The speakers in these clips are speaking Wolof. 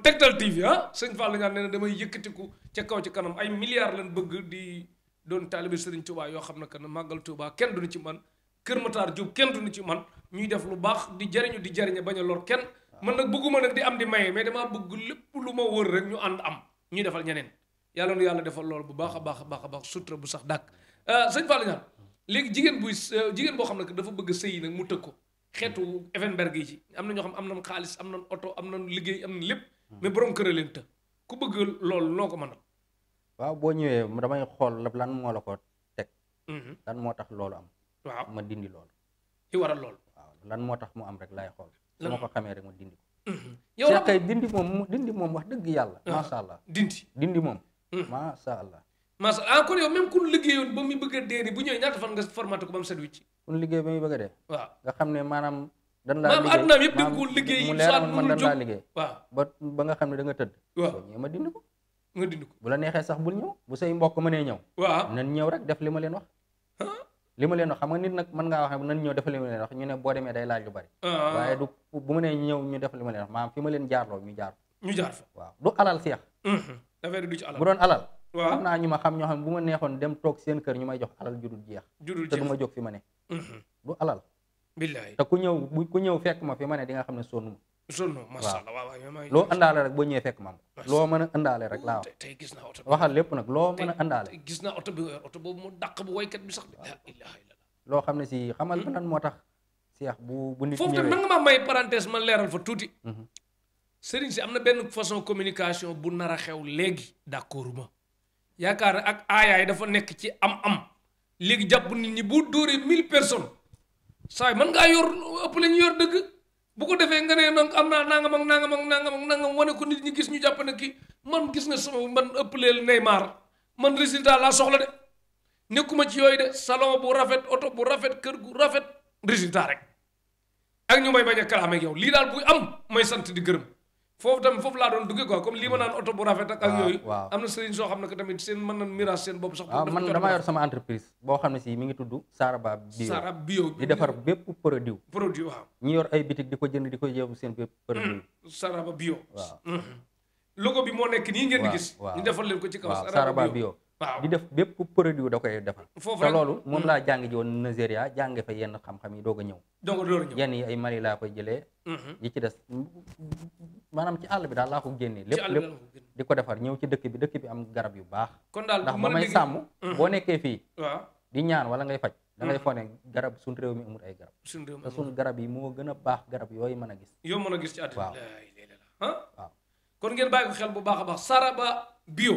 Tektal TV ah sëñ Fall ñaan nee na damay yëkkatiku ca kaw ci kanam ay milliards lañ bëgg di doon taalibe Serigne Touba yoo xam na que ne màggal Touba kenn du duñu ci man Kër Matar Diop kenn duñu ci man ñuy def lu baax di jariñu di jariñe bañ a lor kenn man nag bëgguma nag di am di maye mais damaa bëgg lépp lu ma wër rek ñu ànd am ñuy defal ñeneen yàlla nu yàlla defal lool bu baax a baax a baax a baax sutura bu sax dàkk sëñ Fall ñaan léegi jigéen buy euh, jigéen boo xam ne dafa bëgg sëy nag mu tëg ko xeetu Evenberg yi am na ñoo xam am nañ xaalis am nañ oto am nañ liggéey am lépp mais borom kër a leen të ku bëgg loolu loo ko mën a. waaw boo ñëwee damay xool lan moo la ko teg. Mhm. lan moo tax loolu am. waaw ma dindi loolu. ci waral loolu. waaw lan moo tax mu am rek laay xool. su ma ko xamee rek ma dindi ko. Mhm. yow la kay dindi moom dindi moom wax dëgg yàlla. Ah, macha allah dindi dindi moom. Mhm. macha allah. macha allah ah, kon yow même ku liggéeyoon ba muy bëgg a dee bu ñëwee ñaata fan nga formaté ko ba mu set wicc. ku liggéey ba muy bëgg a dee. waaw nga xam ne maanaam. dan laa liggéey mu leer man dan laa liggéey waaw ba ba nga xam ne danga tëdd waaw ñëwee ma dind ko nga dindi ko bu la neexee sax bul ñëw bu say mbokk mënee ñëw waaw nan ñëw rek def li ma leen wax li ma leen xam nga nit nag mën ngaa wax ne nan ñëw def li ñu ne boo demee day laaj lu bari waaye du bu mënee ñëw ñu def li ma leen wax maam fi ma leen jaarloo ñu jaar ñu jaar waaw du alal seex dafay du bu doon alal waaw xam naa ñu ma xam ñoo xam bu ma neexoon dem toog seen kër ñu may jox alal judul jeex te du ma jóg fi ma ne du alal billaay te ku ñëw bu ku ñëw fekk ma fi ma ne di nga xam ne sonn ma waaw loo àndaale rek boo ñëwee fekk ma loo mën a àndaale rek laa tey gis naa oto waxal lépp nag loo mën a àndaale gis oto bi oto boobu mu dàq bu waykat bi sax loo xam ne si xamal hmm? lan moo tax seex bu bu nit foofu tam nga ma may parenthèse man leeral fa tuuti mhm. sëriñ si am na benn façon communication bu nar a xew léegi d'accord ma yaakaar ak aayaay dafa nekk ci am am léegi jàpp nit ñi bu dóoree mille personnes saa mën ngaa yor ëpp la ñu yor dëgg bu ko defee nga ne donc am naa nangam ak nangam ak nangam ak nangam wane ko nit ñi gis ñu jàpp ne kii man gis na sama man ëpp leel Neymar man résultat laa soxla de nekkuma ci yooyu de salon bu rafet oto bu rafet kër gu rafet résultat rek ak ñu may bañ a kalaame ak yow lii daal buy am may sant di gërëm. foofu tam foofu laa doon duggee quoi comme lii ma hmm. naan oto bu rafet ak. ak yooyu am na sëriñ soo xam ne que tamit seen mën na mirage seen bopp. sax waaw ah, man mi ngi tudd. Saraba Bio Saraba Bio di defar bépp produit. produit waaw ñi yor ay bitik di ko jënd di ko yóbbu seen bépp produit. Hmm. Saraba Bio. waaw hmm. logo bi moo nekk nii ngeen di gis. ñu defal leen ko ci kaw Saraba Bio di def bépp produit da koy defal te loolu moom hmm. laa jàng ji woon Nigeria jàng fa yenn xam-xam yi doog a ñëw yenn yi ay Mali laa koy jëlee hmm. yi ci des maanaam ci àll bi daal laa ko génnee lépp lépp di ko defar ñëw ci dëkk bi dëkk bi am garab yu baax ndax ba may sàmm hmm. boo nekkee fii di ñaan wala ngay faj dangay fone garab suñ réew mi amul ay garab te suñ garab yi moo gën a baax garab yooyu mën a gis yoo mën a gis ci àddina waaw waaw kon ngeen bàyyi ko xel bu baax a baax Saraba bio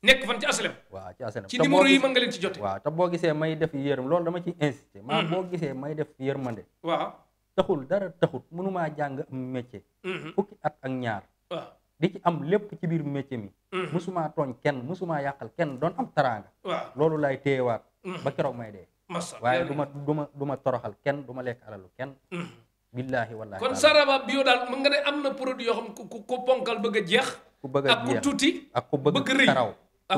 nekk fan ci aslem waaw ci aslem ci numéro yi mën nga leen ci jote waaw te boo gisee may def yërëm loolu dama ci insisté mm-hmm. maa boo gisee may def yërmande waaw taxul dara taxut mënumaa jàng mu métier mm-hmm. fukki at ak ñaar di ci am lépp ci biir métier mi mosumaa mm-hmm. tooñ kenn maa yàqal kenn doon am taraanga loolu laay téyewaat ba keroog may dee waaye du ma du ma du ma toroxal kenn duma lekk alalu kenn billaahi wallaahi kon saraba bio daal mën nga ne am na produit yoo xam ku ku ponkal bëgg a jeex ku bëgg a jeex ak ku tuuti ak ku bëgg a rëy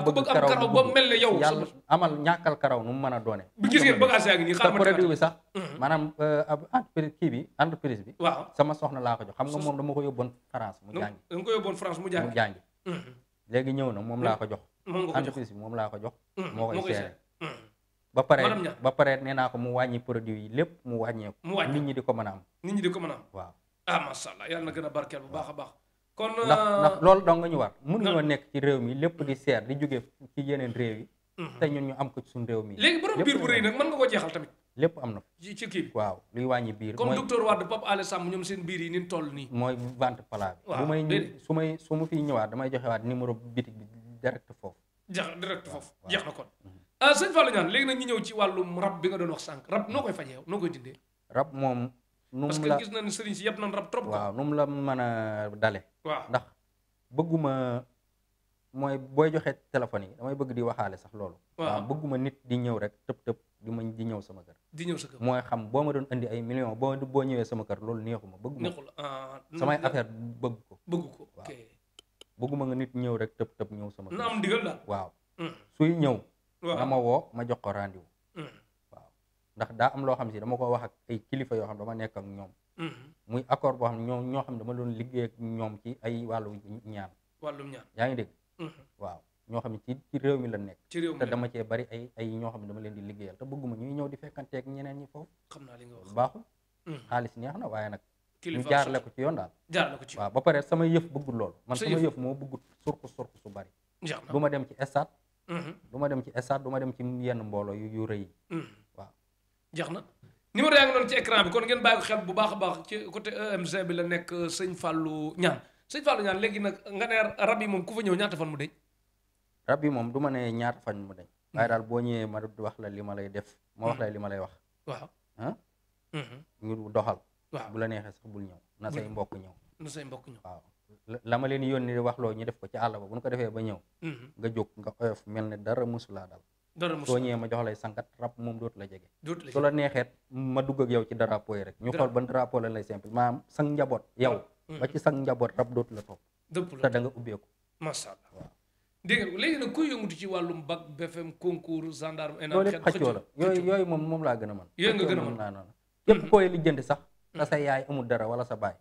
ku bëgg karaw ba mel ne yow yàlla amal ñàkkal karaw nu mu mën a doone bi gis ngeen bagage yaa ngi bi sax mm. maanaam euh, bi waaw sama soxna laa ko xam nga moom dama ko yóbboon France mu jàngi dama ko yóbboon France mu jàngi mu jàngi mm. na moom laa mm. ko jox entreprise bi moom laa ko jox moo koy ba pare ba pare nee naa ko mu wàññi produit yi lépp mu wàññeeku nit ñi di ko mën a am nit di ko mën a am waaw ah macha allah yàlla na gën a barkeel bu baax a baax kon ndax euh, ndax loolu dong nga ñu war mënuñoo nekk ci réew mi lépp di seer di jóge ci yeneen réew yi mhm. te ñun ñu am ko ci suñu réew mi léegi borom biir bu nag ko jeexal tamit lépp am na ci kii waaw luy wàññi biir comme docteur Wade Pape Alé Samb ñoom seen biir yi ni toll nii mooy vente plat bi bu may su may damay joxe waat numéro bitig bi direct foofu jeex direct foofu jeex na kon euh, sëñ Fallou Niane léegi nag ñu ñëw ci wàllum rab bi nga doon wax sànq rab noo koy fajee noo koy dindee rab moom nu mu la parce yëpp nañu rab trop. waaw nu mu la a dale. waaw ndax bëgguma mooy booy joxee téléphone yi damay bëgg di waxaale sax loolu. waaw bëgguma nit di ñëw rek tëb tëb di ma di ñëw sama kër. di ñëw sa mooy xam boo ma doon indi ay million boo boo ñëwee sama kër loolu neexuma bëgguma. neexul ah, samay affaire bëgg ko. bëgg ko bëgguma nga nit ñëw rek tëb tëb ñëw sama kër. na am digal la waaw. Mm. suy ñëw. waaw ma woo ma jox ko rendez ndax daa am loo xam si dama ko wax ak ay kilifa yoo xam dama nekk ñoom mm-hmm. muy accord boo xam ne ñoom ñoo xam dama doon liggéey ak ñoom ci wàllu ñaan yaa ngi dégg mm-hmm. waaw ñoo xam ne ci ci mi la nekk te dama cee bari ay ñoo xam ne dama leen di liggéeyal te bëgguma ñuy ñëw di fekkanteeg ñeneen ñi foofu xam naa li nga wax baaxul mm-hmm. xaalis neex na waaye nag ñu jaarale ko ci yoon daal jaarale ko ba pare sama yëf bëggul lool man sama yëf moo bëggul surku surku su bari du ma dem ci estade du ma dem ci estade du ma dem ci yenn mbooloo yu yu rëy jeex na numéro yaa ngi noonu ci écran bi kon ngeen bàyyi ko xel bu baax a baax ci côté EMG bi la nekk euh, sëñ Fallou Niang sëñ Fallou Niang léegi nag nga ne rab yi moom ku fa ñëw ñaata fan mu deñ rab yi moom du ma ne fan mu deñ hmm. waaye daal boo ñëwee ma wax la li ma lay def ma wax hmm. la li ma lay wax waaw ah ñu hmm. doxal waaw bu la neexee sax bul ñëw na say mbokk ñëw na say mbokk ñëw waaw la ma leen yónni wax loo ñu def ko ci àlla ba bu ñu ko defee ba ñëw nga jóg nga oyof mel ne dara musulaa dal tooñee ma jox lay sangat rab moom dootu la jege su la neexeet ma dugg ak yow ci drapeau yi rek ñu xool ban drapeau la lay simple maanaam sang njaboot yow mm-hmm. ba ci sang njaboot rab dootu la topp te da nga ubbeeku macha allah ci wàllum bac BFM concours gendarme loolu yëpp xëccoo la yooyu yooyu moom moom laa gën a man yooyu nga gën a naa noonu yëpp mm-hmm. kooy sax mm-hmm. te sa yaay amul dara wala sa baay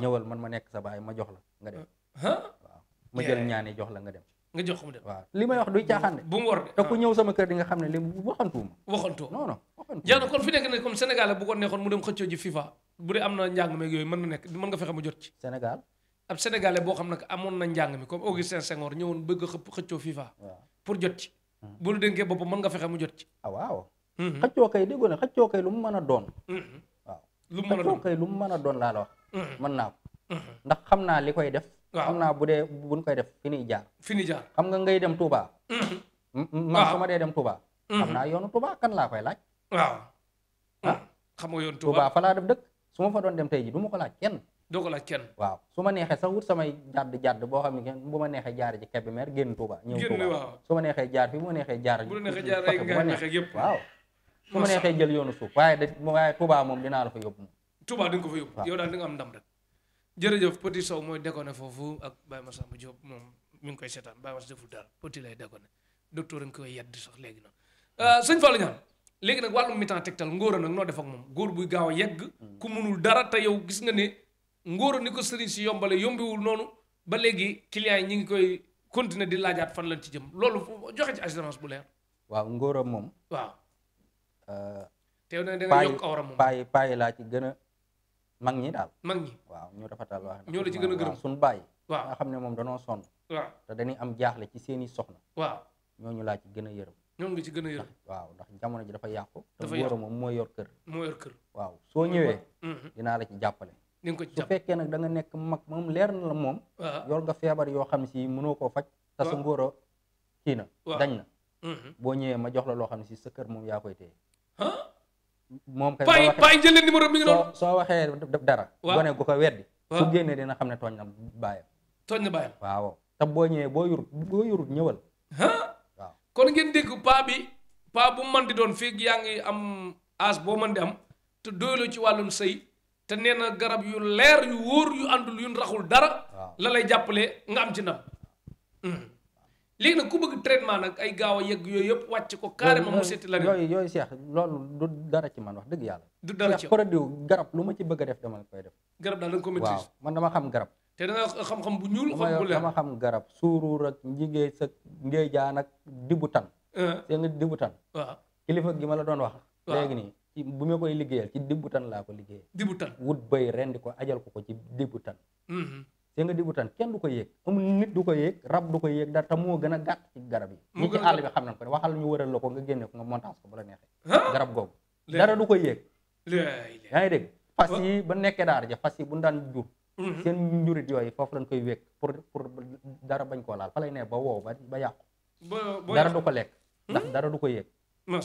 ñëwal man ma nekk sa baay ma jox la nga dem waaw ma jël ñaani jox la nga dem nga jox li may wax duy caaxaan de. bu mu war de te ku ñëw sama kër di nga xam ne li waxantuuma. waxantuuma non non waxantuuma. jaana kon fi nekk ne comme Sénégal bu ko neexoon mu dem xëccoo ji FIFA bu dee am na njàng meeg ci. Sénégal ab sénégalais boo xam ne amoon na njàng mi comme Augustin Senghor a xëccoo FIFA. pour jot ci. Hmm. bu lu dénkee boppam mën nga ah, waaw. Hmm. xëccoo kay déggoo xëccoo kay lu mu mën a doon. Hmm. waaw lu mu mën a doon xëccoo kay lu mu mën wax. mën naa ko ndax xam naa li koy def xam naa bu dee buñ koy def fi ñuy jaar fi ñuy jaar xam nga ngay dem Touba mm-hmm. Mm-hmm. man su ma dee dem Touba mm-hmm. xam naa yoonu Touba kan laa koy laaj waaw ah xam nga yoonu Touba fa laa def dëkk su ma fa doon dem tey ji du ma ko laaj kenn doo ko laaj kenn waaw su ma neexee sax wut samay jàdd jàdd boo xam ne kenn bu ma neexee jaar ji Kébémer génn Touba ñëw Touba su ma neexee jaar fi bu ma neexee jaar bu ma neexee yëpp waaw su ma neexee jël yoonu suuf waaye da waaye Touba moom dinaa la fa yóbbu Touba di nga ko fa yóbbu yow daal di nga am ndam rek jërëjëf Petit Sow mooy déconné foofu ak Baye Massamba Diop moom mi ngi koy seetaan Baye Mass deful dara Petit lay déconné docteur a ngi koy yedd sax léegi nag euh, sëñ fa Niang léegi nag wàllum mi-temps tegtal ngóor nag noo def moom góor buy gaaw yegg ku dara te yow gis nga ne ngóor a ko sëriñ si yombale yombiwul noonu ba léegi clients yi ñi ngi koy continuer di laajaat fan lañ ci jëm loolu joxe ci assurance bu leer waaw ngóor a moom waaw euh, te yow ne da nga yokk awra moom paayi paayi laa ci gën mag ñi daal mag ñi waaw ñu rafetal waa ñoo la ci gën a suñu bàyyi waaw nga xam ne moom danoo sonn waaw te dañuy am jaaxle ci seeni soxna waaw ñooñu laa ci gën a yërëm ñoom nga ci gën a yërëm waaw ndax jamono ji dafa yàqu te góor moom moo yor kër moo yor kër waaw soo ñëwee mm-hmm. dinaa la ci jàppale su fekkee nag da nga nekk mag moom leer na la moom ah. yor nga feebar yoo xam ne si mënoo koo faj te sa ngóor kii na dañ na mm-hmm. boo ñëwee ma jox la loo xam ne si sa kër moom yaa koy téye moom kay paay paay jël leen numéro bi ngi noonu soo waxee dara gone gu ko weddi su génnee dina xam ne tooñ na baayam tooñ na baayam waaw te boo ñëwee boo yurut boo ñëwal waaw kon ngeen dégg paa bi paa bu man di doon fii yaa ngi am aas boo man di am te doylu ci wàllum sëy te nee na garab yu leer yu wóor yu àndul yu raxul dara la lay jàppale nga am ci ndam hmm. léegi nag ku bëgg traitement nag ay gaaw a yegg yooyu yëpp wàcc ko carrément mu seeti la yooyu yooyu Cheikh loolu du dara ci man wax dëgg yàlla du dara ci produit garab lu ma ci bëgg a def dama koy def garab daal da nga ko man dama xam garab te da nga bu ñuul dama xam garab suuruur ak njigéey sa ngéejaan ak dibu tan euh. see nga dibu tan kilifa gi ma la doon wax léegi nii bu ma koy liggéeyal ci dibu tan laa ko liggéeyal dibu tan wut bay rendi ko ajal ko ko ci dibu tan see nga débutant kenn du ko yéeg amul nit du ko yéeg rab du a xam nañ ko waxal ñu la ko nga génne ko nga montage ko bu la neexee du ko yéeg yaa ngi dégg fas ba nekkee daara ja fas yi bu daan jur mm-hmm. seen njurit yooyu foofu lañ koy wéeg pour pour dara bañ koo laal fa lay ne ba wow ba ba yàqu dara du ko lekk hmm? ndax dara du ko yéeg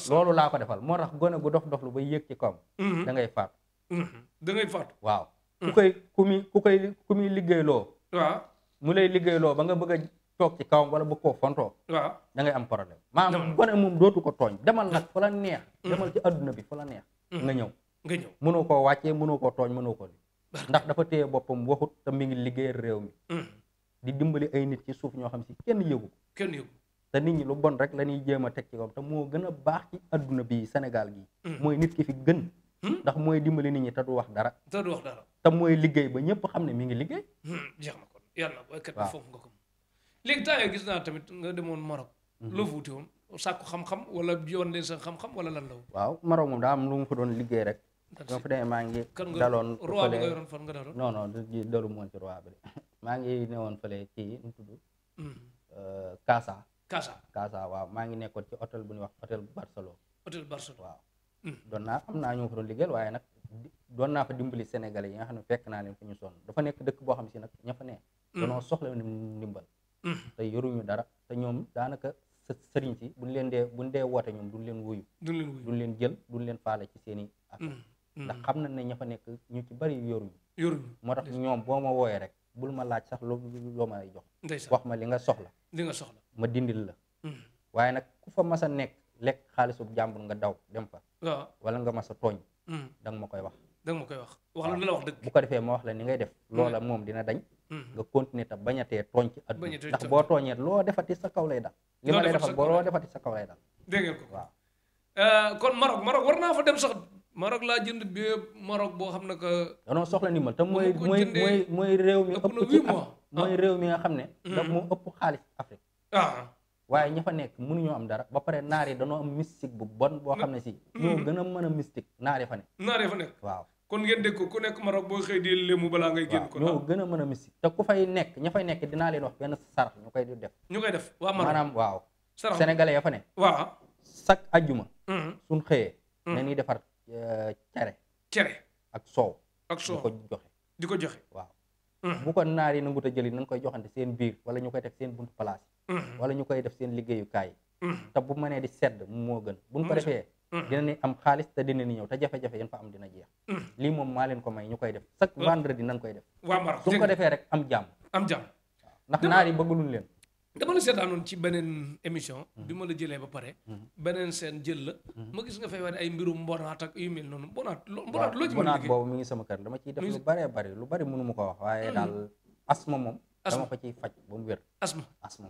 loolu laa ko defal moo tax gone gu dof dof lu ba yéeg ci kawam mm-hmm. da ngay mm-hmm. waaw Mm. ku koy ku muy ku koy ku liggéeyloo. waaw mu lay liggéeyloo ba nga bëgg a toog ci kawam wala bëgg koo fontoo. dangay da ngay am problème. maanaam gone moom dootu ko tooñ demal nag fa la neex. Mm. demal ci adduna bi fa la neex. Mm. nga ñëw nga ñëw mënoo koo wàccee mënoo ko tooñ mënoo ko ni ndax dafa téye boppam waxut te mi ngi liggéeyal réew mi. di dimbali ay nit ci suuf ñoo xam si kenn yëgu ko. kenn te nit ñi lu bon rek la ñuy jéem a teg ci kawam te moo gën a baax ci adduna bi Sénégal gi mooy nit ki fi gën. Hmm? ndax mooy dimbali nit ñi ta du wax dara. te du wax dara mooy liggéey ba ñëpp xam ne mi ngi liggéey. Hmm, jeex na kon yàlla booy kat. nga ko gis naa tamit nga demoon Maroc. Hmm. loo fa wuti woon xam-xam wala yoon leen sa xam wala lan la woon. waaw Maroc moom daa lu mu fa doon liggéey rek. dama fa demee maa ngi. daloon roi bi nga yoroon fan nga daloon. non moon ci roi maa ngi newoon fële ci nu tudd. Euh, Casa. Casa Casa waaw maa ngi nekkoon ci hôtel bu ñuy wax hôtel Barcelone. hôtel Barcelone doon naa xam naa ñoo fa doon liggéeyal waaye nag doon naa fa dimbali sénégalais yi nga xam ne fekk naa leen fu ñu sonn dafa nekk dëkk boo xam si nag ña fa ne mm. danoo soxla ndimbal mm. te yoruñu dara te ñoom sa sëriñ si buñ leen dee buñ dee woote ñoom du leen wuyu duñ leen jël du leen faale ci seen i mm. ndax xam nañ ne ña fa nekk ñu ci bari yoruñu yoruñu moo tax ñoom boo ma wooyee rek bul ma laaj sax loo loo may jox wax ma li nga soxla li nga ma dindi la waaye nag ku fa mas nekk lekk xaalisu jàmbur nga daw dem fa. waaw wala nga ma sa tooñ. Hmm. da nga ma koy wax. da ma koy wax wax la la wax dëgg. bu ko defee ma wax la ni ngay def. Hmm. loola moom dina dañ. Hmm. nga continuer te bañ a tee tooñ ci àdduna ndax boo tooñee loo defati sa kaw lay dal. li ma lay defal boo loo defati sa kaw lay dal. waaw. Euh, kon Maroc Maroc war naa fa dem sax Maroc laa jënd bi Maroc boo xam ne danoo soxla ndimbal tam mooy mooy mooy mooy réew mi ëpp ci mooy ah. réew mi nga xam ne. da moo ëpp xaalis Afrique. Ah. waaye ña fa nekk mënuñoo am dara ba pare naar yi dañoo am mystique bu bon boo xam ne si. Mm-hmm. ñoo gën a mën a mystique naar yi fa nekk. naar yi fa nekk waaw. kon ngeen dégg ko ku nekk Maroc boo xëy di balaa ngay génn ko ñoo gën mën a te ku fay nekk ña fay nekk dinaa wax benn sarax ñu koy def ñu koy def waa Maroc maanaam waaw sarax sénégalais ya fa ne waaw chaque ajjuma mm-hmm. suñ xëyee na mm-hmm. ñuy defar euh, cere ak soow ak soow ko joxe di ko joxe waaw bu ko naar yi nangut a jëli nañ koy joxante seen biir wala ñu koy def seen buntu place Mm-hmm. wala ñu koy def seen liggéeyukaay mm-hmm. te bu mënee di sedd moo gën buñ ko mm-hmm. defee dina ni am xaalis te dina ni ñëw te jafe-jafe yéen fa am dina jeex lii moom maa leen ko may ñu koy def chaque vendredi nan koy def suñ ko defee rek am jàmm am jàmm ndax naar yi bëgguluñ leen dama la seetaanoon ci beneen émission bi ma la jëlee ba pare beneen seen jël la ma gis nga fay wane ay mbirum a liggéey mbonaat boobu mi ngi sama kër dama ciy def lu bare bari lu bari mënu ma ko wax waaye daal ma moom asma dama ko ciy faj ba mu wér. asma asma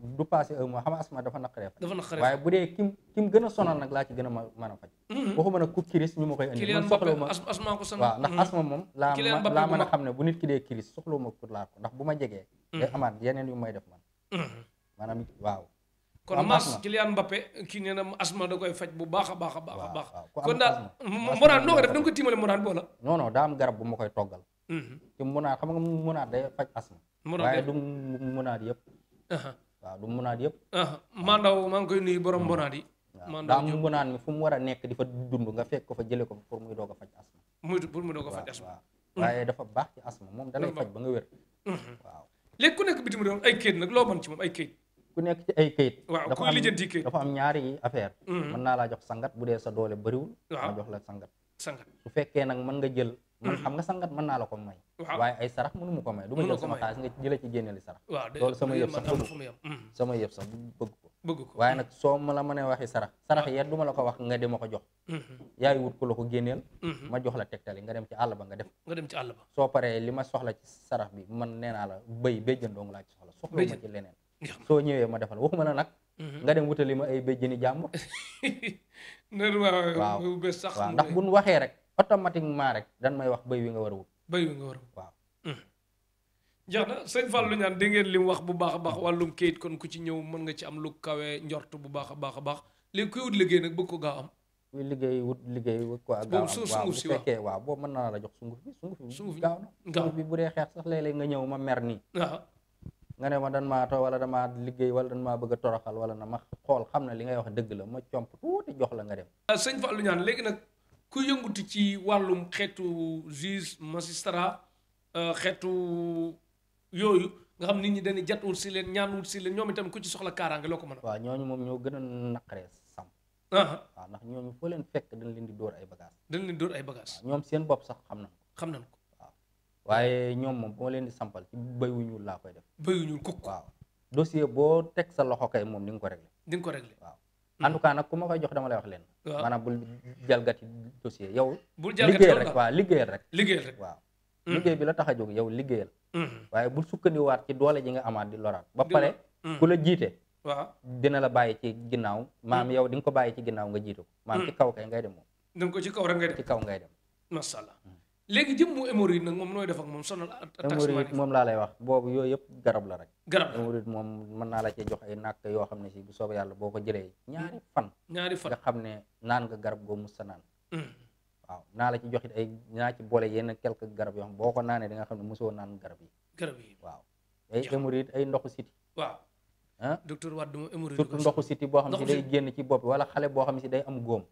moom du passé un xam asma dafa naqaree faj. waaye bu dee kim kim gën a sonal nag laa ci gën a a faj. Mm-hmm. waxuma nag ku kiris ñu ma koy indi. man soxla ma asma ko sonal waaw ndax mm-hmm. asma moom. a xam ne bu nit ki dee kiris soxla ma pour ko ndax bu ma jegee. Mm-hmm. day yeneen yu may def man. waaw. kon Mas Kylian Mbappé kii nee na asma da koy faj bu baax a baax a baax a baax. kon daal Morane noo ko def da nga tiimale Morane boola. non non daa am garab bu ma koy toggal. Mm-hmm. te munaat xam nga munaat day faj asma. waaye du munaat yëpp. Uh-huh. waaw du munaat yëpp. Uh-huh. Mandaw maa ngi koy nuyu borom mm-hmm. munaat yi. Mandaw daa munaat mi fu mu war a nekk di fa dund nga fekk ko fa jëlee ko pour muy doog a faj asma. pour muy doog a faj asma. Mm-hmm. waaye dafa dalay faj ba nga wér. waaw léegi ku nekk bitim réew ay kayit nag loo mën ci moom ay kayit. ku nekk ci ay kayit. waaw kuy lijjanti kayit dafa am ñaari affaire. mën naa laa jox sangat bu dee sa doole bëriwul. ma jox sangat. su fekkee nag mën nga jël man mm-hmm. xam nga sangat man naa la ko may waaye ay sarax mënu ma ko may du ma jël sama xaalis nga jëla ci génne li sarax loolu sama yëpp sax bëgg mm-hmm. sama bëgg ko waaye nag soo ma la mënee waxi sarax sarax ah. yet du ma la ko wax nga dem ko jox mm-hmm. yaay wut ku la ko génneel ma jox la tegtali nga dem ci àll ba nga def nga dem ci àll soo paree li ma soxla ci sarax bi man nee naa la béy béjjën dong laa ci soxla soxla ma ci leneen soo ñëwee ma defal waxuma la nag nga dem wutali ma ay béjjëni jàmm waaw waaw ndax buñ waxee rek automatiquement rek dan may wax bay wi nga war a wut. béy wi nga war a wut waaw. Hmm. jeex na sëñ Fallou ñaan di ngeen li wax bu baax a baax wàllum kayit kon ku ci ñëw mën nga ci am lu kawe njort bu baax a baax a baax léegi kuy wut liggéey nag bëgg ko am. kuy liggéey wut liggéey wut ko gaaw am waaw bu fekkee waaw boobu mën naa la jox sunguf bi sunguf bi gaaw bi bu dee xeex sax léeg nga ñëw ma mer nii. nga ne ma dan maa wala damaa liggéey wala dan maa bëgg toroxal wala na xool xam na li ngay wax dëgg la ma comp jox la nga dem. Ah, ñaan léegi nag ku yëngutu ci wàllum xeetu juge magistrat euh, xeetu yooyu nga xam nit ñi dañuy jat wut si leen ñaan wut si leen ñoom itam ku ci soxla kaaraange loo ko mën a. waaw ñooñu moom ñoo gën a naqaree sàmm. waaw ndax ñooñu foo leen fekk dañ leen di dóor ay bagages. dañ leen di ay bagages. ñoom seen bopp sax xam nañ xam nañ ko waaw waaye ñoom moom boo leen di sampal ci béy ñuul laa koy def. béy wu ñuul kukk waaw dossier boo teg sa loxo kay moom di nga ko réglé. di nga ko réglé waaw. en tout cas nag ku ma koy jox dama lay wax leen maanaam bul jalgati dossier yow liggéeyal rek waaw liggéeyal rek liggéeyal rek waaw hmm. liggéey bi la tax a jóg yow liggéeyal hmm. waaye bul sukkandiwaat ci doole ji nga amaat di loraat ba pare hmm. ku la jiite waaw dina la bàyyi ci ginnaaw maam yow di nga ko bàyyi ci ginnaaw nga jiite ko maam ci kaw kay ngay dem moom ko ci kaw rek ngay dem ci kaw ngay dem masha léegi jëmmu hémorroïde nag moom nooy def ak moom sonal. hémorroïde moom laa lay wax boobu yooyu yëpp garab la rek. garab la moom mën naa la cee jox ay nàkk yoo xam ne si bu soobee yàlla boo ko jëlee. ñaari hmm. fan. ñaari fan nga xam ne naan nga garab goo mus sa naan. Hmm. waaw naan la ci jox ay naa ci boole yenn quelques garab yoo xam boo ko naanee danga xam ne mosoo naan garab yi. garab yi waaw ay hémorroïde ay ndoxu siti. waaw ah docteur Wade moom hémorroïde surtout ndoxu siti boo xam ne si day génn ci bopp wala xale boo xam ne si day am góom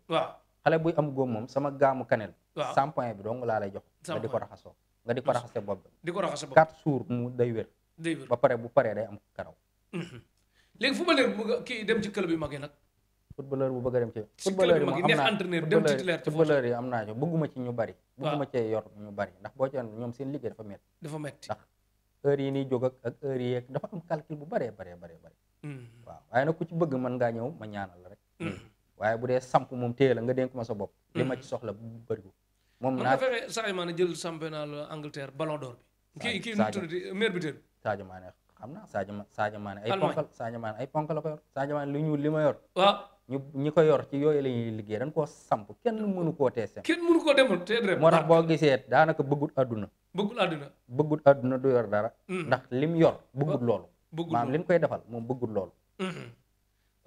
xale buy am góom moom sama gaamu kanel waaw cent point bi dong laa lay jox nga di ko raxasoo nga di ko raxase bopp bi quatre jours mu day wér ba pare bu paree day am karaw mhm. léegi footballeur bu bëgg kii dem ci club yu mag yi nag footballeur bu bëgg a dem ci footballeur yi neex entraîneur dem ci titulaire footballeur yi am naa ci bëgguma ci ñu bari bëgguma ci yor ñu bari ndax boo ci ñoom seen liggéey dafa métti dafa métti ndax heure yi nii jóg ak ak yeeg dafa am bu baree baree baree bari mhm. bëgg mën ngaa ñëw ma ñaanal la waaye bu dee samp moom téye la nga dénk ma sa bopp. li ma ci hmm. soxla bëriwul. moom naa kon nga fexe Sadio Mané jël championnat Angleterre Ballon d'Or bi. kii kii nu mu xam naa Sadio Mané Sadio Mané ay ponkal Sadio Mané ay ponkal la ko yor Sadio Mané li ñu li ma yor. waaw ñu ñi ko yor ci yooyu la ñuy liggéey dañ koo samp kenn mënu koo tee sem. kenn mënu demal moo tax boo gisee daanaka bëggul àdduna. bëggul àdduna. bëggul àdduna du yor dara. Hmm. ndax lim yor bëggul loolu. bëggul loolu maanaam koy defal moom bëggul loolu. Hmm.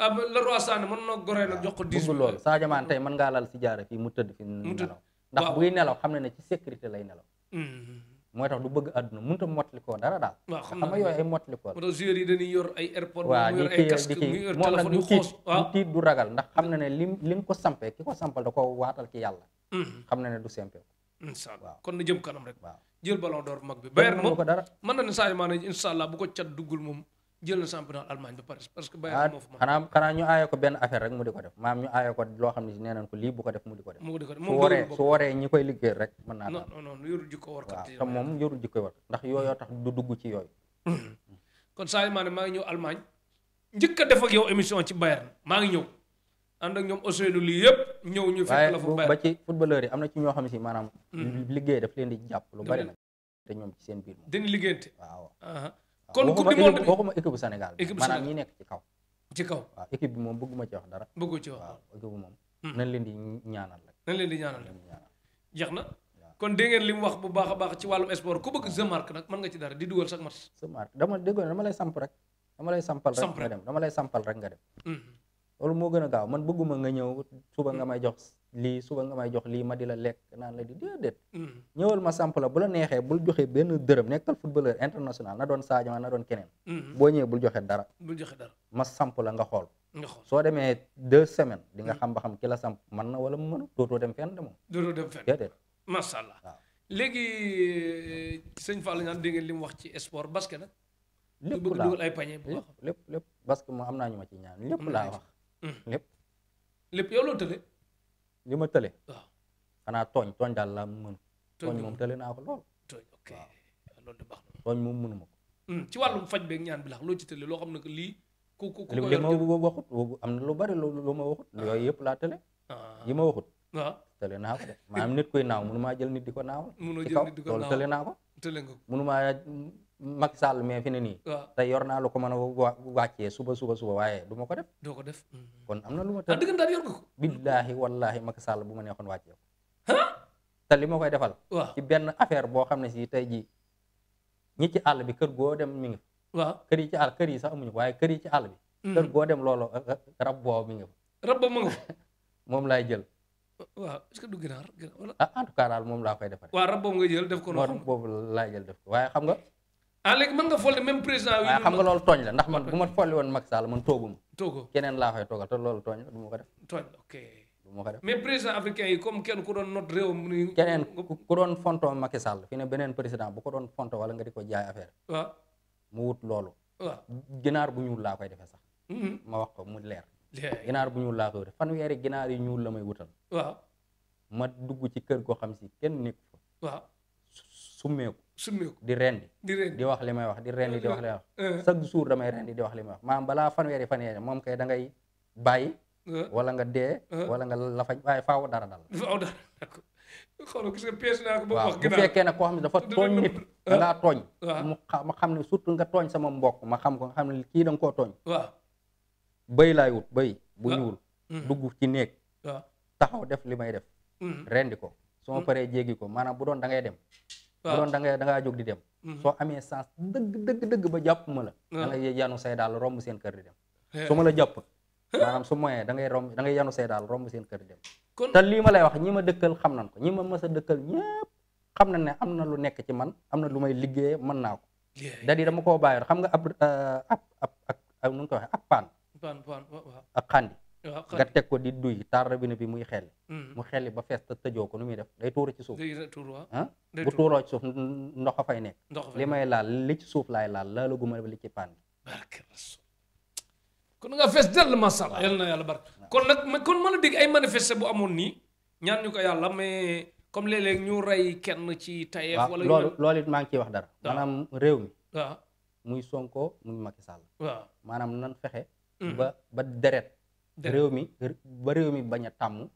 ah le roi Sané mën na goree nag jox ko. diis bëgg loolu Sadio Mané tey mën ngaa lal si jaara fii mu tëdd fi mu nelaw ndax buy nelaw xam ne ne ci sécurité lay nelaw. Mm-hmm. mooy tax du bëgg àdduna mënut a mottalikoo dara daal. waaw xam la. joueurs yi dañuy yor ay airport. waaw ñu kii di kii moom nag du tiit du tiit du ragal ndax xam na ne li li nga ko sampee ki ko sampal da ko waatal ci yàlla. Mm-hmm. xam na ne du sempee jël na championnat Allemagne ba pare parce que Bayern moo fa xanaa xanaa ñu aaye ko benn affaire rek mu di ko def maam ñu aaye ko loo xam ne si nañ ko lii bu ko def mu di ko def su waree su waree ñi koy liggéey rek mën naa non non yorul jikko warkat te ndax yooyoo tax dugg ci yooyu kon Sadio Mané maa ngi ñëw Allemagne njëkk a yow émission ci Bayern maa ngi ñëw ànd ak ñoom Ousseynou lii yëpp ñëw ñu ba footballeur yi am na ci ñoo xam ne si maanaam mm. liggéey daf leen kon coupe du monde bi waxuma équipe bu Sénégal bi maanaam ñi nekk ci kaw ci kaw waaw équipe bi moom bëgguma ci wax dara bëggu ci wax waaw équipe bi moom hmm. nañ leen di ñaanal rek nañ leen di ñaanal rek jeex na kon dégg ngeen li wax bu baax a baax ci wàllum sport ko bëgg Zemark nag mën nga ci dara di dugal sax match Zemark dama déggoon dama lay samp rek dama lay sampal rek nga dem dama lay sampal rek nga dem hmm. loolu moo gën a gaaw man bëgguma nga ñëw suba nga may jox lii suba nga may jox lii ma di la lekk naan la di déedéet mm. ñëwal ma samp la bu la neexee bul joxee benn dërëm nekkal footballeur international na doon Sadio na doon keneen mm. boo ñëwee bul joxe dara bul joxe dara ma samp la nga xool soo demee deux semaines di nga mm. xam ba xam ki la samp man na wala mu mënu dootoo dem fenn de moom dootoo dem fenn déedéet macha allah waaw léegi euh, sëñ Fall ñaan dégg ngeen li mu wax ci sport basket nag lépp laa dugal ay pañe lépp lépp parce que moo am naa ñu ma ci ñaan lépp laa wax lépp li ma tële. waaw ah. xanaa tooñ tooñ daal laa mën. tooñ moom tële naa ko lool. tooñ ok loolu de baax na. tooñ moom mënuma ko. Hmm, ci wàllum faj beeg ñaan bi loo ci tële loo xam ne que lii. ku ku ku li ma waxut am lu bari lu ma waxut. Ah. laa tële. Ah. yi ma waxut. waaw tële naa ko de maanaam nit nit di ko naaw. ma jël nit di ko naa ko. tële nga Macky Sall mais fi ne nii. te yor naa lu ko mën a wàccee suba suba suba waaye du ma ko def. doo ko def. Mm. kon am na lu ma tënk. ah dëgg daal yor ko. billaahi wallaahi Macky bu ma neexoon wàccee ko. te li ma koy defal. ci benn affaire boo xam ne si tey jii ñi ci àll bi kër goo dem mi ngi fa. yi ci àll kër yi sax amuñu waaye kër yi ci àll bi. Mm. kër goo dem loolu eh, eh, rab boobu fa. rab boobu ma nga moom laay jël. a est-ce que du ginaar wala. ah en tout cas daal moom laa koy defal. waaw rab jël def ko. noonu boobu jël def ko waaye xam nga ah léegi mën nga folli même président. waaye ah, xam nga loolu tooñ la ndax man bu ma folli woon Macky Sall man tooguma. toogoo keneen laa koy toogal te loolu tooñ la comme kenn ku doon not réew mi. keneen ku doon fonto Macky Sall fi ne beneen président bu ko doon fonto wala nga di ko jaay affaire. waaw mu wut loolu. ginaar bu ñuul laa koy defee sax. Mm-hmm. ma wax ko mu leer. ginaar bu ñuul laa koy def fanweeri ginaar yu ñuul la may wutal. waaw ma dugg ci kër goo xam si kenn nekk fa. summeeku. di rendi. di wax li may wax di rendi di wax li may wax. Eh. chaque jour damay rendi di wax li may wax maanaam balaa fanweeri fanweeri moom kay da ngay bàyyi. Eh. wala nga dee. Eh. wala nga lafañ waaye faaw dara dal. faaw dara xool fekkee nag koo xam ne dafa tooñ nit. da ngaa xam ne surtout nga tooñ sama mbokk ma xam ko nga xam kii danga koo tooñ. waaw bëy laay wut bëy. bu ñuul mm. dugg ci néeg. taxaw def li may def. Mm. rendi ko soo mm. paree jéggi ko maanaam bu doon da ngay dem. bu doon da nga da ngaa jóg di dem mhm. soo amee sens dëgg dëgg dëgg ba jàpp ma la ah. da ngay yanu say daal romb seen kër di dem eh. su ma eh. su moyen da ngay romb da yanu say daal romb seen kër di dem lii ma lay wax ñi ma dëkkal xam nañ ko ñii ma mës a ñëpp xam nañ ne am na lu nekk ci man am na lu may liggéey mën naa ko da di dama koo bàyyoon xam nga ab euh, ab ab ak nu ko waxee paan ak xandi nga teg ko di duy taar robinet bi muy xelli mm. mu xelli ba fees te tëjoo ko nu muy def day tuuru ci suuf ah bu tuuroo ci suuf ndox a fay nekk li may laal li ci suuf laay laal laalaguma la ci paan kon nga fees dell masha Allah yal kon nag kon mën dégg ay manifesté bu amoon nii ñaan ñu ko yàlla mais comme léeg-léeg ñu rey kenn ci tayeef wala loolu loolu maa ngi ciy wax dara maanaam réew mi waaw muy Sonko mu ma Sall waaw maanaam nan fexe mm. ba ba deret réew mi ba réew mi bañ a tàmm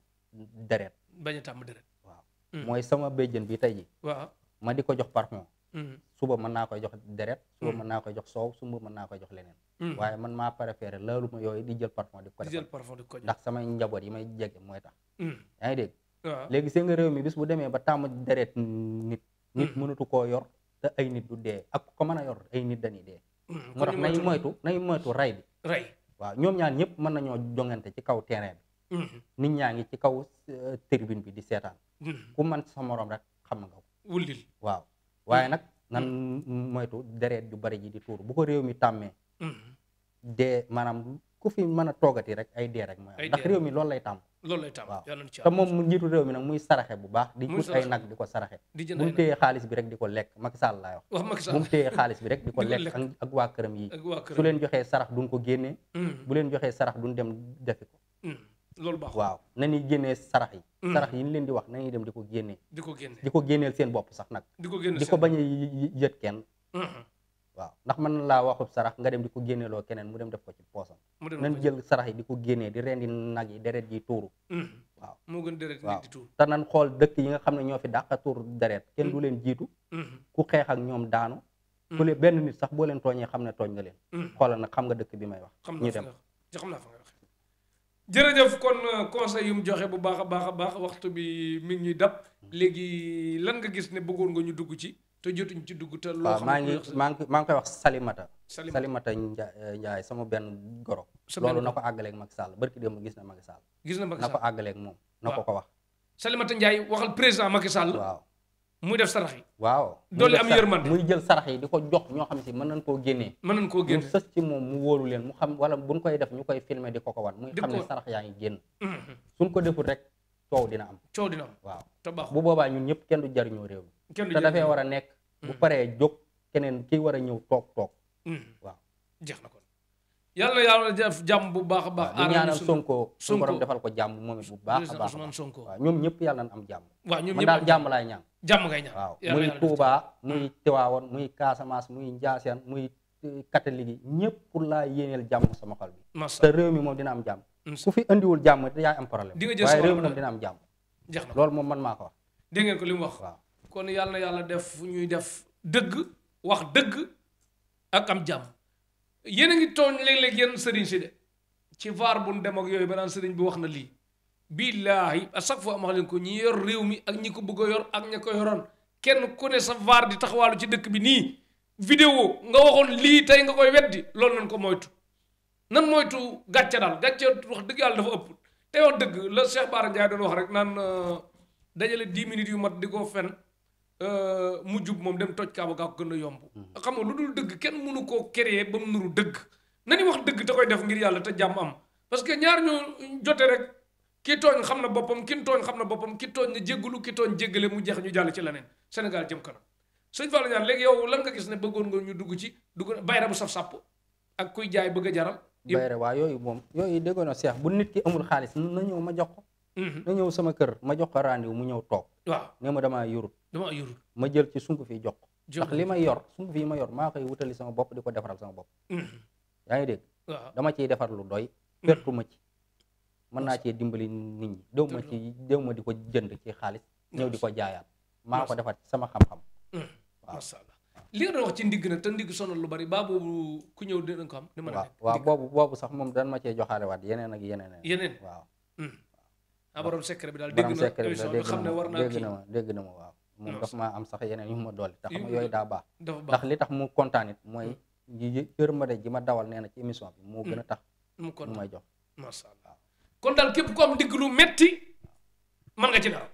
deret bañ a tàmm waaw hmm. mooy sama béjjën bi tey ji waaw ma di ko jox parfum hmm. suba mën naa koy jox deret suba hmm. mën naa koy jox soow suba mën naa koy jox leneen waaye man maa préféré loolu ma yooyu di jël parfum di ko def ndax samay njaboot yi may jege mooy tax yaa ngi dégg léegi seen nga réew mi bis bu demee ba tàmm deret nit nit mënatu koo yor te ay nit du dee ak ko mën a yor ay nit dañuy dee moo tax nay moytu ray bi waaw ñoom ñaan ñëpp mën nañoo jongante ci kaw terrain bi. Mhm. nit ñaa ngi ci kaw euh, tribune bi di seetaan. Mhm. ku man sa morom rek xam nga ko. waaw waaye mhm. nag nan moytu deret ju bari ji di tuur bu ko réew mi tàmmee. dee maanaam ku fi mën a toogati rek ay dee rek mooy. ndax réew mi loolu lay tàmm. loolu lay tàmm yàlla na ci te moom njiitu réew mi nag muy saraxe bu baax di ut ay nag di ko saraxe bu mu téye xaalis bi rek di ko lekk Macky Sall laay wax bu mu téye xaalis bi rek di ko lekk ak waa këram yi su leen joxee sarax duñ ko génnee mm. bu leen joxee sarax duñ dem defi ko mm. loolu baax waaw na ñuy génnee sarax yi mm. sarax yi nu leen di wax na ñuy dem di ko génnee di ko génneel seen bopp sax nag di ko bañ a yët kenn mm-hmm. waaw ndax mën laa waxub sarax nga dem di ko loo keneen mu dem def ko ci poosam nan jël sarax yi di ko génnee di rendi yi deret ji tuuru mm-hmm. waaw moo gën deret nit di tuuru xool dëkk yi nga xam ne ñoo fi dàqa tuur deret kenn mm-hmm. leen jiitu mm-hmm. ku xeex ak ñoom daanu ku benn nit sax boo leen tooñee xam ne tooñ nga leen xoolal nag xam nga dëkk bi may wax ñu dem xam naa fa nga waxee jërëjëf kon euh, conseil mu joxe bu baax a baax a baax waxtu bi mi ngi ñuy dab léegi lan nga gis ne bëggoon nga ñu dugg ci te jotuñ ci dugg te loo xam maa ngi maa ngi maa ngi koy wax Salimata. Salimata na ko àggaleeg Macky Sall barki démb gis na Macky Sall. gis na Macky Sall ko àggaleeg moom na ko ko wax. Salimata Ndiaye waxal président Macky Sall. waaw muy def sarax yi. waaw doole am yërmande muy jël sarax yi di ko jox ñoo xam si man na koo génnee. mën nañ koo génne mu sës ci moom mu wóolu leen mu xam wala buñ koy def ñu koy filmer di ko ko wan. muy xam ne sarax yaa ngi génn. Mm-hmm. suñ ko deful rek coow dina am. coow dina am waaw. bu boobaa ñun ñëpp kenn du jariñoo réew mi. te dafee war a nekk Mm-hmm. bu paree jóg keneen ki war a ñëw toog toog. Mm-hmm. waaw jeex na kon yàlla yàlla def jàmm bu baax a baax. aar ñaanal Sonko suñu borom defal ko jàmm moom it bu baax a baax waaw ñoom ñëpp yàlla na am jàmm. waaw ñoom ñëpp man daal jàmm laay ñaan. jàmm ngay ñaan waaw muy Touba muy Tiwaawoon muy Casamance muy Ndiassane muy euh, catholique ñëpp pour laa yéeneel jàmm sama xol bi. te réew mi moom dina am jàmm. Mm-hmm. ku fi andiwul jàmm yaay am problème. di nga jël waaye réew loolu moom man maa kon yàlla yàlla def fu ñuy def dëgg wax dëgg ak am jàmm yéen a ngi tooñ léeg-léeg yenn sëriñ si de ci vaar bu nu dem ak yooyu ba naan sëriñ bi wax na lii billaahi à chaque fois ma leen ko ñi yor réew mi ak ñi ko bëgg yor ak ña ko yoroon kenn ku ne sa vaar di taxawaalu ci dëkk bi nii video nga waxoon lii tey nga koy weddi loolu nan ko moytu nan moytu gàcce daal gàcce wax dëgg yàlla dafa ëpp tey wax dëgg la Cheikh Bara Ndiaye doon wax rek naan euh, dajale 10 minutes yu mat di fen Euh, mu jub moom dem toj kaaba gaa ko gën a yomb. xam nga lu dul dëgg kenn mënu koo créer ba mu nuru dëgg na ni wax dëgg te koy def ngir yàlla te jàmm am parce que ñaar ñu jote rek ki tooñ xam na boppam ki tooñ xam na boppam ki na jéggulu ki tooñ jéggale mu jeex ñu jàll ci leneen Sénégal jëm kanam sëñ Fallou Niane léegi yow lan nga gis ne bëggoon nga ñu dugg ci dugg bayra bu saf sàpp ak kuy jaay bëgg a jaral. bayra waa yooyu moom yooyu déggoon na Cheikh bu nit ki amul xaalis na ñëw ma jox ko Mhm. na ñëw sama kër ma jox ko rendez mu ñëw toog. waaw ne ma damaa yurut. damaa yurut ma jël ci sunguf yi jox ko. ndax li may yor sunguf yi ma yor maa koy wutali sama bopp di ko defaral sama bopp. Mhm. yaa ngi dégg. dama ciy defar lu doy. pertu mhm. ma ci mën naa cee dimbali nit ñi. déw ma ci déw ma di ko jënd ci xaalis. ñëw di ko jaayaat. maa ko defar sama xam-xam. waaw li nga doon ci ndigg nag te ndigg sonal lu bari baa boobu ku ñëw dinañ ko am. a waaw boobu boobu sax moom da ma cee joxaale waat yeneen ak yeneen. yeneen waaw. ah borom secret daal dégg na émission bi xam ne war na ma dégg na ma waaw. moom daf maa am sax yeneen yu ma dolli tax ma yooyu daa baax. ndax li tax mu kontaanit it mooy. ji hmm. yërmande ji ma dawal neena ci émission bi. moo gën a hmm. tax mu may jox. kon daal képp ku am digg lu metti mën nga ci dara.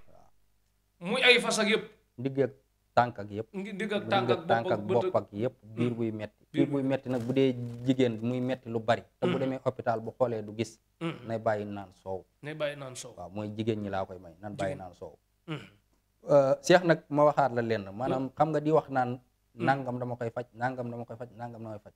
muy ay fas ak yëpp. digg ak tànk ak yëpp. digg ak tànk ak bopp ak yëpp biir hmm. buy metti biir buy metti nag bu dee jigéen muy metti lu bari te bu mm-hmm. demee hôpital bu xoolee du gis mm-hmm. nay bàyyi naan soow nay bàyyi naan soow mooy jigéen ñi laa koy may nan bàyyi naan soow seex mm-hmm. euh, nag ma waxaat la lenn maanaam xam nga di wax naan nangam dama koy faj nangam dama koy faj nangam dama koy faj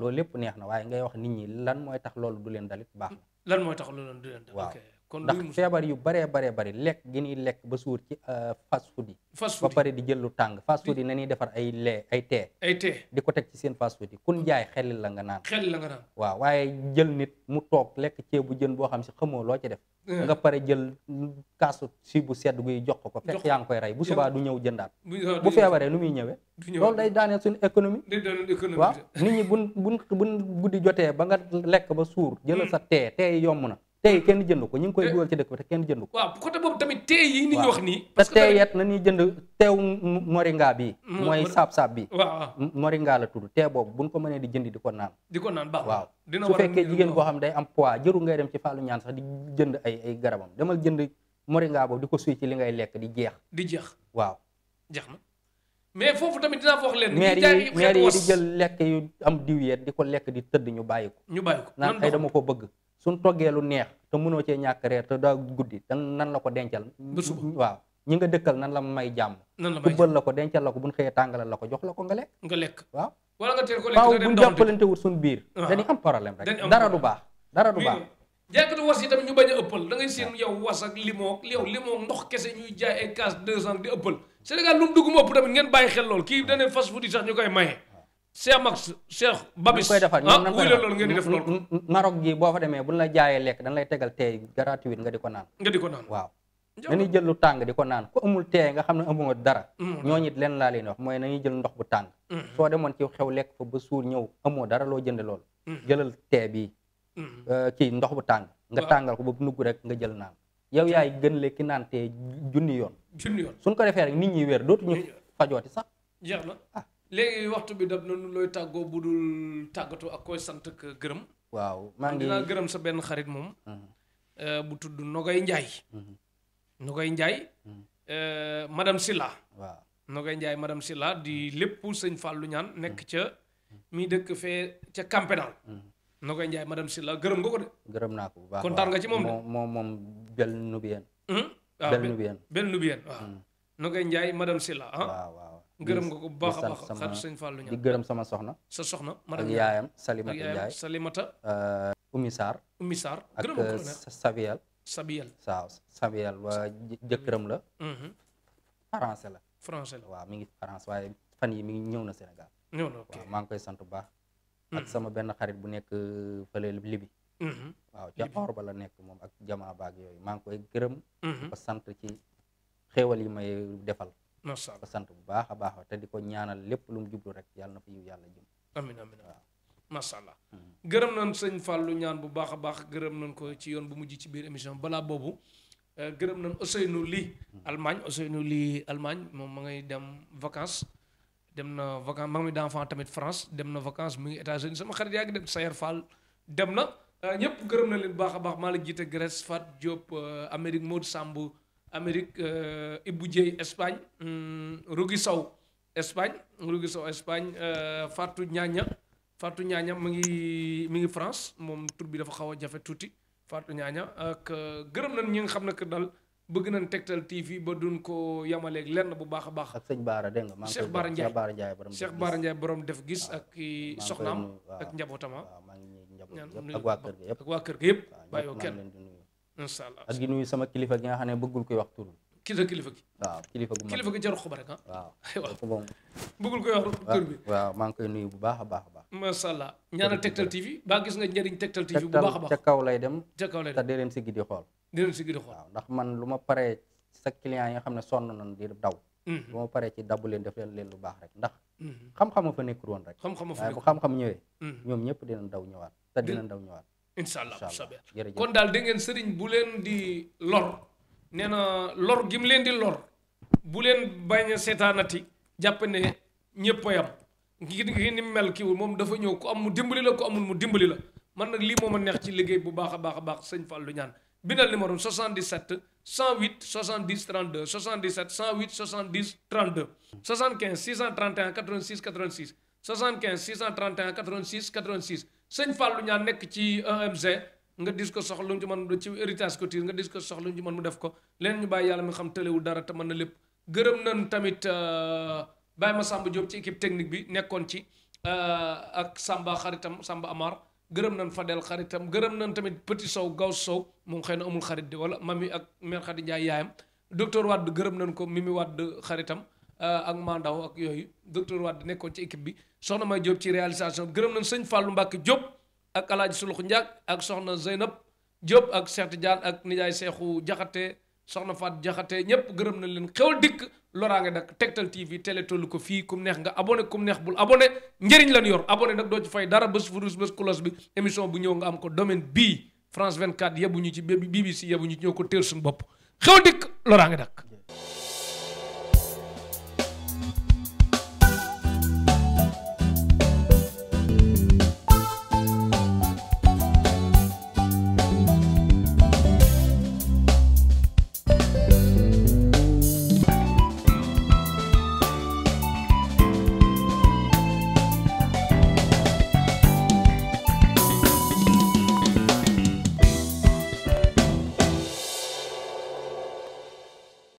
loolu lépp neex na waaye ngay wax nit ñi lan mooy tax loolu du leen dalit baax na lan mooy tax loolu du leen dalit waaw ndax feebar yu baree baree bari lekk gi ni lekk ba suur ci euh, fast food yi ba pare di jël lu tàng fast food yi na ñuy defar ay lee ay tee ay di ko teg ci seen fast food yi kun jaay xelil la nga naan xelil la nga naan waaw waaye jël nit mu toog lekk ceebu jën boo xam si xamoo loo ci def eh. nga pare jël kaasu si bu sedd guy jox ko ko fekk yaa ngi koy rey bu subaa du ñëw jëndaat bu feebaree nu muy ñëwee loolu day daaneel suñu économie waaw nit ñi bu buñ buñ guddi jotee ba nga lekk ba suur jëlal mm. sa tee tee yomb na tey kenn jënd ko ñu ngi koy eh. dugal ci dëkk bi te kenn jënd ko. waaw côté boobu tamit tey yi ni ñu wax nii. parce que te tey na ñuy jënd teew moringa bi. mooy saab saab bi. waaw moringa la tudd tee boobu bu ñu ko mënee di jënd ko naan. di ko naan baax waaw su fekkee jigéen boo xam day am poids jëru ngay dem ci fàllu ñaan sax di jënd ay ay garabam demal jënd moringa boobu di ko suy ci li ngay lekk di jeex. di jeex waaw. jeex na mais foofu tamit dinaa wax leen. di meer yi di lekk am diw yeet di ko lekk di tëdd ñu bàyyi ko. ñu bàyyi ko naan ay dama ko bëgg suñ toggee lu neex te mënoo ce ñàkk reer te daa guddi te nan la ko dencal waaw ñi nga dëkkal nan la may jàmm ubbal la ko dencal la ko buñ xëyee tàngalal la ko jox la ko nga lekk nga lekk waaw wala nga teel ko lekk waaw bu jàppalante wut biir ah. dañuy am problème rek dara du baax dara du baax jaaykatu was yi tamit ñu bañ a ëppal da ngay seen yow was ak limoog yow ndox kese ñuy jaay ay casse deux cent di ëppal Sénégal lu mu dugg ëpp tamit ngeen bàyyi xel lool kii dane fast food yi sax ñu koy maye Cheikh Max Cheikh Babis koy defar ñoom ah, koy defar loolu ngeen di gi boo fa demee bu la jaayee lekk dañ lay tegal tey gratuit nga di ko naan. nga di ko naan waaw. na ñuy jël lu tàng di ko naan ko amul tee nga xam ne amoo dara mm. ñooñu it leen laa leen wax mooy nañuy jël ndox bu tàng mm. soo demoon ci xew lekk fa ba suur ñëw amoo dara loo jënd lool mm. jëlal tee bii euh, kii ndox bu tàng nga tàngal ko ba nugg rek nga jël naan yow yaay gën le naan te junni yoon junni yoon ko defee rek nit ñi wér dootuñu fajooti sax jeex na ah léegi waxtu bi dab nañu looy tàggoo budul tàggatoo ak koy sant ak gërëm. waaw maa ngi dinaa gërëm sa benn xarit moom. Mm-hmm. Euh, bu tudd Nogay Ndiaye. Mm-hmm. Nogay Ndiaye. Mm-hmm. Euh, madame Silla. waaw Nogay Ndiaye madame Silla di lépp sëñ Fallou ñaan nekk ca. mi dëkk fee ca Campenal. Nogay Ndiaye madame Silla gërëm nga ko de. gërëm naa ko bu baax kontaan nga ci moom de moom moom bel nubien. Hmm? bel ah, nubien waaw. Nogay Ndiaye madame Silla ah. gërëm nga ko bu baax a baax xarit sëñ Fallou Niang di gërëm sama soxna sa soxna madame ak yaayam Salimata Ndiaye Salimata euh, Oumy Sarr Oumy Sarr gërëm nga ak euh, Sabiel Sabiel waa jëkkëram la mm-hmm. français la français la waaw mi ngi France waaye fan yi mi ngi ñëw na Sénégal maa ngi koy sant bu baax ak mm-hmm. sama benn xarit bu nekk euh, fële Libi mm-hmm. waaw ca or ba la nekk moom ak jamaa baag yooyu maa ngi koy gërëm ko sant ci xéewal yi may defal ko sant bu baax a baax te di ko ñaanal lépp lu mu jublu rek na fa yiw yàlla jëm amin amin waaw allah mm-hmm. gërëm nañ sëñ Fallou ñaan bu baax a baax gërëm na ko ci yoon bu mujj ci biir émission balaa boobu euh, gërëm nañ Ousseynou lii mm-hmm. Allemagne Ousseynou lii Allemagne moom ma ngay dem vacances dem na vacances ma ngi d'enfant tamit France dem na vacances mu ngi États-Unis sama xarit yaa ngi dem Sayer Fall dem na euh, ñëpp gërëm na leen baax a baax maa la jiite Grèce Fat Diop euh, Amérique moo sàmb Amérique euh, Ibou Dieye Espagne mm, Rougui Sow Espagne Rougui Sow Espagne euh, Fatou Ñaaña Fatou Ñaaña mu ngi mu ngi France moom tur bi dafa xaw a jafe tuuti Fatou Ñaaña ak euh, gërëm nañ ñi nga xam ne que dal bëgg nañ Tektal TV ba duñ ko yamaleeg lenn bu baax a baax. ak sëñ Baara dégg nga Cheikh Baara Ndiaye Cheikh Baara Ndiaye borom def gis ak soxnaam ak njabootama. ak waa kër gi yëpp bàyyoo kenn incha allah ak di nuyu sama kilifa gi nga xam ne bëggul koy wax turu. kilifa kilifa gi. waaw kilifa gu mag kilifa gi jarul xubar rek ah. waaw ba moom. bëggul koy wax tur bi waaw maa ngi koy nuyu bu baax a baax a baax. macha allah ñaanal Tektal TV baa a nga a Tektal TV baax a baax. ca ndax man lu ma paree sa client yi nga xam ne sonn na di daw. Mm-hmm. lu ma paree ci dabu leen def leen leen lu baax rek ndax. Mm-hmm. xam-xam fa nekkul woon rek. xam-xam fa nekkul waaye bu xam-xam ñëwee. Mm-hmm. ñoom ñëpp dinañ daw ñëwaat te dinañ daw ñëwaat incha allah bu kon daal da ngeen sëriñ bu leen di lor nee na lor gi mu leen di lor bu leen bañ a seetaanati jàpp ne ñëpp yam ngi ngi ni mel kiiwul moom dafa ñëw ku am mu dimbali la ku amul mu dimbali la man nag lii moo ma neex ci liggéey bu baax a baax a baax sëñ Fallou ñaan bindal numéro 77 108 70 32 77 108 70 32 75 631 86 86 75 631 86 86 sëñ Fallou ñaan nekk ci EMG nga dis ko soxla mu ci mën ci héritage couture nga dis ko soxla ci mën mu def ko leen ñu bàyyi yàlla mu xam tëlewul dara te mën na lépp gërëm nañ tamit ma euh, Massamba Diop ci équipe technique bi nekkoon ci euh, ak Samba xaritam Samba Amar gërëm nañ Fadel xaritam gërëm nañ tamit Petit Sow Gaw Sow moom xëy na amul xarit di wala mami ak mère Khady Ndiaye yaayam docteur Wade gërëm nañ ko mi mu Wade xaritam ak Mandaw ak yooyu waat Wade nekkoon ci équipe bi soxna May Diop ci réalisation gërëm nañ sëñ Fallou Mbacke Diop ak El Hadj Sulux Ndiak ak soxna Zeynab Diop ak Cheikh Tidiane ak nijaay Cheikhou Diakhaté soxna Faat Diakhaté ñëpp gërëm na leen xewal dikk loraange nag Tektal TV télé tollu ko fii kum neex nga abonné kum neex bul abonné njëriñ lan yor abonné nag doo ci fay dara bés furus bés close bi émission bu ñëw nga am ko domaine bii France 24 yebuñu ci BBC yebuñu ñoo ko téer suñu bopp xew dikk loraange nag